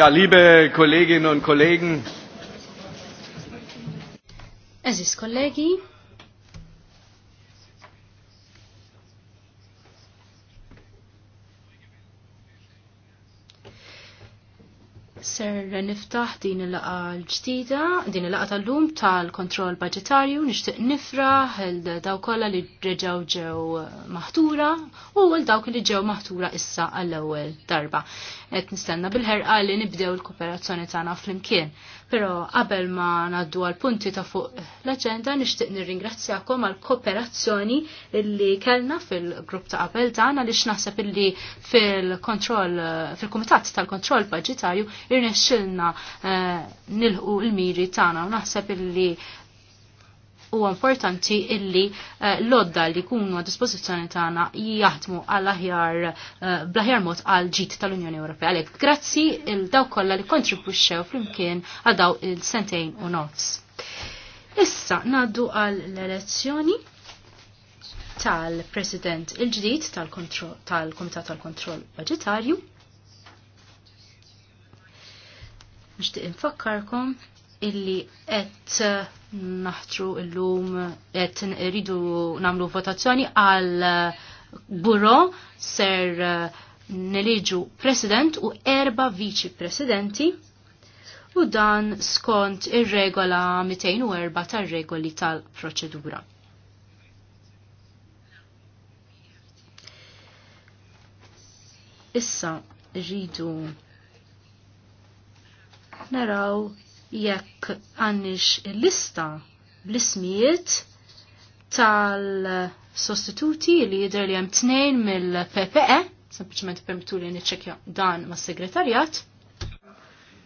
Ja, liebe Kolleginnen und Kollegen. Es ist Kollegi. Ser niftaħ din il-laqa l-ġdida, din il-laqa tal-lum tal-kontroll budgetarju, nishtiq nifraħ il-daw kolla li reġaw ġew maħtura u l-dawk li ġew maħtura issa għall-ewel darba. Et nistenna bil-ħerqa li nibdew l-kooperazzjoni tagħna fl-imkien. Pero qabel ma naddu għal punti ta' fuq l-agenda nixtieq nirringrazzjakom għal kooperazzjoni li kellna fil-grupp ta' qabel tagħna li naħseb illi fil-kontroll fil-kumitat tal-kontroll budgetarju irnexxilna eh, nilħu l-miri tagħna u naħseb illi u importanti illi eh, l-odda li kunu a dispozizjoni tagħna jaħdmu għal aħjar eh, blaħjar mod għal ġit tal-Unjoni Ewropea. Għalhekk grazzi il daw kollha li kontribwixxew flimkien għal daw il-sentejn u nofs. Issa naddu għal l-elezzjoni tal-President il-ġdid tal-Komitat tal-Kontroll Budgetarju. Nixtieq infakkarkom illi qed eh, naħtru illum qed rridu nagħmlu votazzjoni għal uh, buro ser uh, neliġu president u erba viċi presidenti u dan skont ir-regola 204 tar-regoli tal-proċedura. Issa rridu naraw jekk għannix lista bl ismijiet tal-sostituti li jidher li hemm tnejn mill-PPE, sempliċement permettu li niċċekja dan mas segretarjat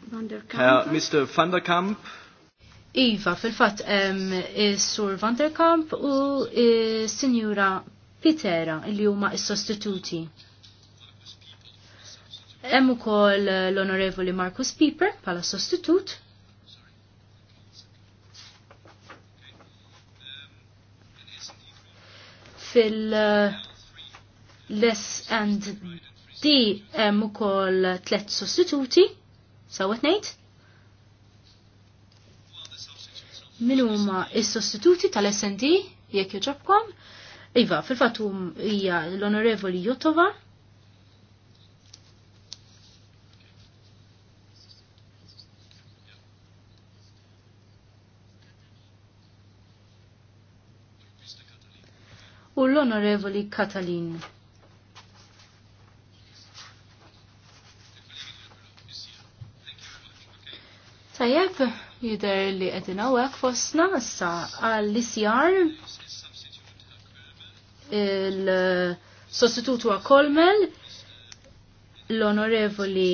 Mr. Van der Kamp. Iva, fil-fatt hemm is-Sur Van der Kamp u is-Sinjura Pitera li huma il sostituti Hemm ukoll l-Onorevoli Marcus Pieper bħala sostitut fil-less and D hemm ukoll tliet sostituti sawet ngħid. Min huma s-sostituti tal-SND jekk joġobkom? Iva, fil-fatt hija l-Onorevoli Jotova u l-Onorevoli Katalin. Tajab, jider li għedin għawek fosna issa għall-isjar il-sostitutu għakolmel l-onorevoli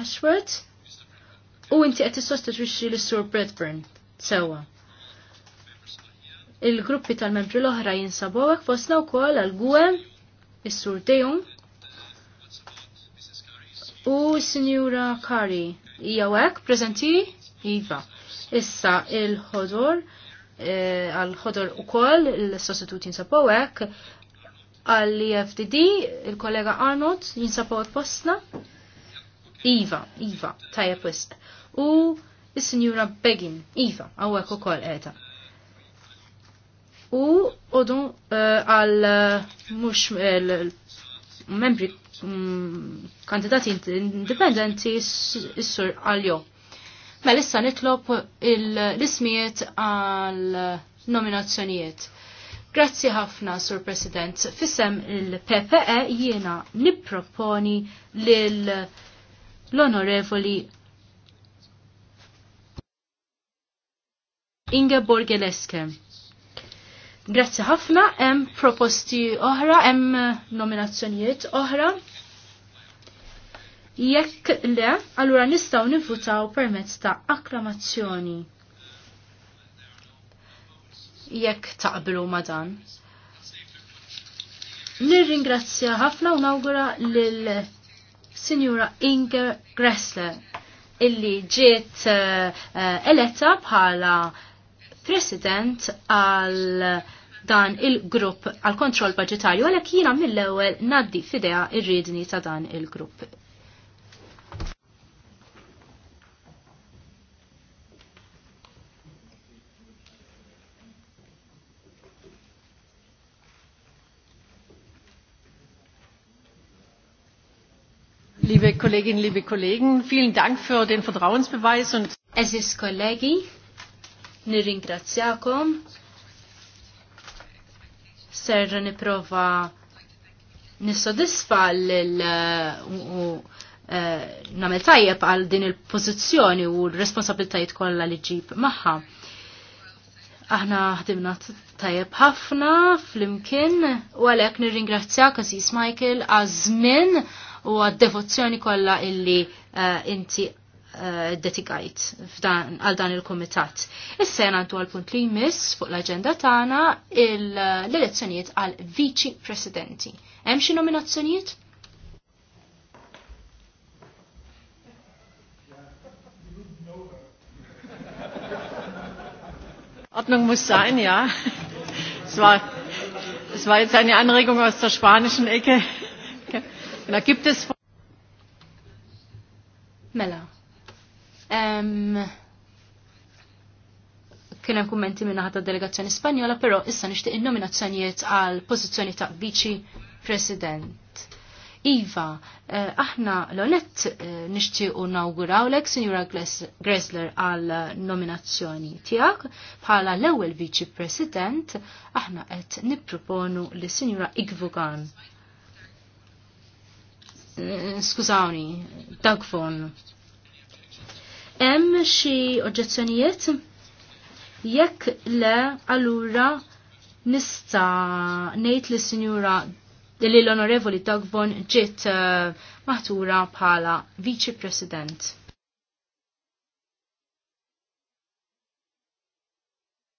Ashworth u inti għed t-sostitutu l-sur Bradburn. Sewa il-gruppi tal-membri l-oħra jinsabu fosna u kol għal-gwem, il-sur Dejum, u Signora Kari. jawek prezenti? Iva. Issa il-ħodor, eh, għal-ħodor u kol, il-sostitut jinsabu għal-FDD, il-kollega Arnold jinsabu fosna. Iva, Iva, tajja pwis. U il sinjura Begin, Iva, għawek u kol għeta u odun eh, għal eh, mux eh, membri mm, kandidati indipendenti s-sur għal-jo. Ma mela, lissa nitlob l-ismijiet għal nominazzjonijiet. Grazzi ħafna, Sur President. Fissem il-PPE jiena nipproponi l-onorevoli Inge Borgeleske. Grazzi ħafna, hemm proposti oħra, hemm eh, nominazzjonijiet oħra. Jekk le, allura nistgħu nivvutaw permezz ta' akklamazzjoni. Jekk taqblu ma' dan. Nirringrazzja ħafna u nawgura lil Sinjura Inge Gressler illi ġiet uh, eletta bħala President għal dan il-grupp għal kontroll budgetarju għalhekk jiena mill-ewwel naddi fidea ir-riedni ta' dan il-grupp. Liebe Kolleginnen, liebe Kollegen, vielen Dank für den Vertrauensbeweis und ist kollegi, nirringrazzjakom ser niprofa nissodisfa l uh, uh, namel tajjeb għal din il-pozizjoni u l-responsabiltajiet kollha li ġib magħha. Aħna ħdimna tajjeb ħafna fl-imkien u għalhekk nirringrazzjak Aziz Michael għaż-żmien u għad-devozzjoni kollha illi uh, inti Eh, detikajt għal dan il-komitat. Is-sena għandu għal-punt li jmiss fuq l-agenda tagħna l-elezzjonijiet għal viċi presidenti. Hemm xi nominazzjonijiet? Ordnung muss sein, ja. Es war, es war jetzt eine Anregung aus der spanischen Ecke. Da gibt es. Mela. Kien hemm kummenti minn ħadd delegazzjoni Spanjola, però issa nixtieq in-nominazzjonijiet għal pożizzjoni ta' viċi President. Iva, eh, aħna l-onet eh, nixtiequ nawguraw lek Sinjura Gressler għal nominazzjoni tiegħek bħala l-ewwel Viċi President aħna qed nipproponu li Sinjura Igvogan eh, skużawni, Dagfon. Hemm xi oġġezzjonijiet? Jekk le, allura nista' ngħid li sinjura li l-Onorevoli Dogbon ġiet eh, maħtura bħala Viċi President.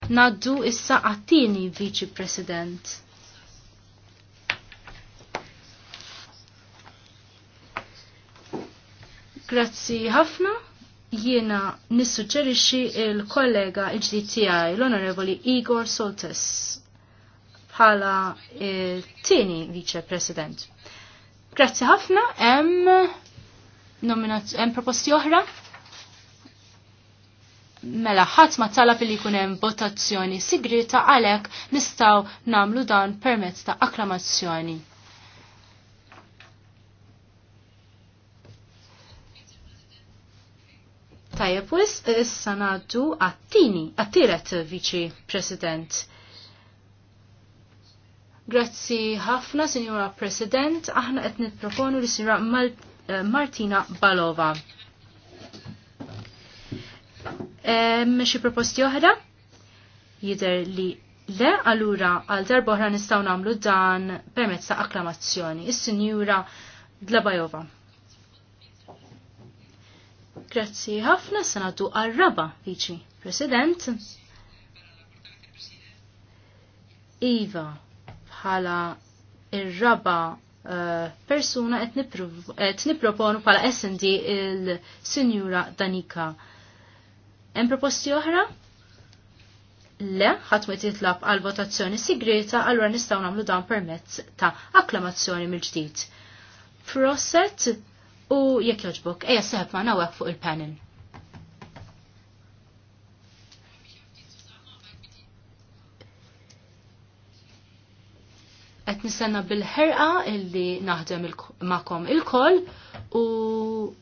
Naddu issa għattini Viċi President. Grazzi ħafna jiena nissuġġerixxi il-kollega l-ġdid tiegħi l-Onorevoli Igor Soltes bħala eh, tieni Vice President. Grazzi ħafna, hemm hemm proposti oħra. Mela ħadd ma talab li jkun hemm votazzjoni sigrita għalhekk nistgħu nagħmlu dan permezz ta' akklamazzjoni. Tajjeb, u issa ngħaddu għattini, għattiret viċi president. Grazzi ħafna, Signora President, aħna qed nipproponu li signora eh, Martina Balova. Hemm xi proposti oħra? Jidher li le allura għal darba oħra nistgħu nagħmlu dan permezz ta' akklamazzjoni. Is-Sinjura Dlabajova. Grazzi ħafna senatu għarraba, viċi president. Iva, bħala ir-raba uh, persuna qed nipproponu bħala SND il-Sinjura Danika. Hemm proposti oħra? Le, ħatmu ma titlab għal votazzjoni sigreta, allura nistgħu nagħmlu dan permezz ta' akklamazzjoni mill-ġdid. Proset u jekk joġbok, eja seħb ma nawek fuq il-panel. Qed nistenna bil-ħerqa illi naħdem ma'kom il u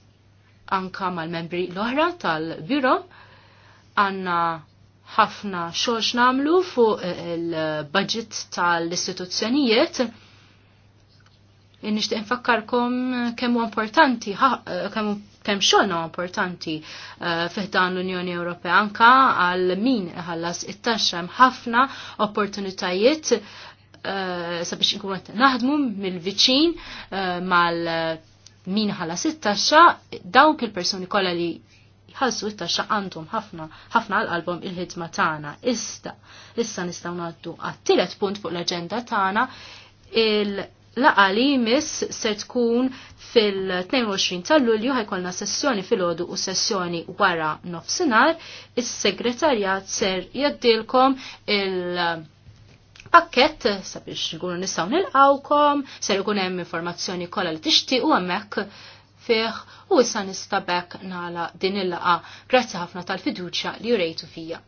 anka mal-membri l-oħra tal-biro għanna ħafna xogħol namlu fuq il-budget tal-istituzzjonijiet nixtieq infakkarkom kemm importanti kemm kemm xogħol importanti eh, fih dan l-Unjoni Ewropea anka għal min ħallas it-taxxa hemm ħafna opportunitajiet eh, sabiex nkun qed naħdmu mill-viċin eh, mal min ħallas it-taxxa dawk il-persuni kollha li ħassu it-taxxa għandhom ħafna ħafna għal qalbhom il-ħidma tagħna. Issa issa nistgħu ngħaddu għat-tielet punt fuq l-aġenda tagħna il- laqa li jmiss ser tkun fil-22 tal-Lulju ħajkolna sessjoni fil-ħodu u sessjoni wara nofsinar, is-segretarjat ser jaddilkom il- pakket sabiex nkunu nistgħu nilqawkom, ser ikun hemm informazzjoni kollha li tixtiequ hemmhekk fih u issa nistabek nala din il laqgħa Grazzi ħafna tal-fiduċja li jurejtu fija.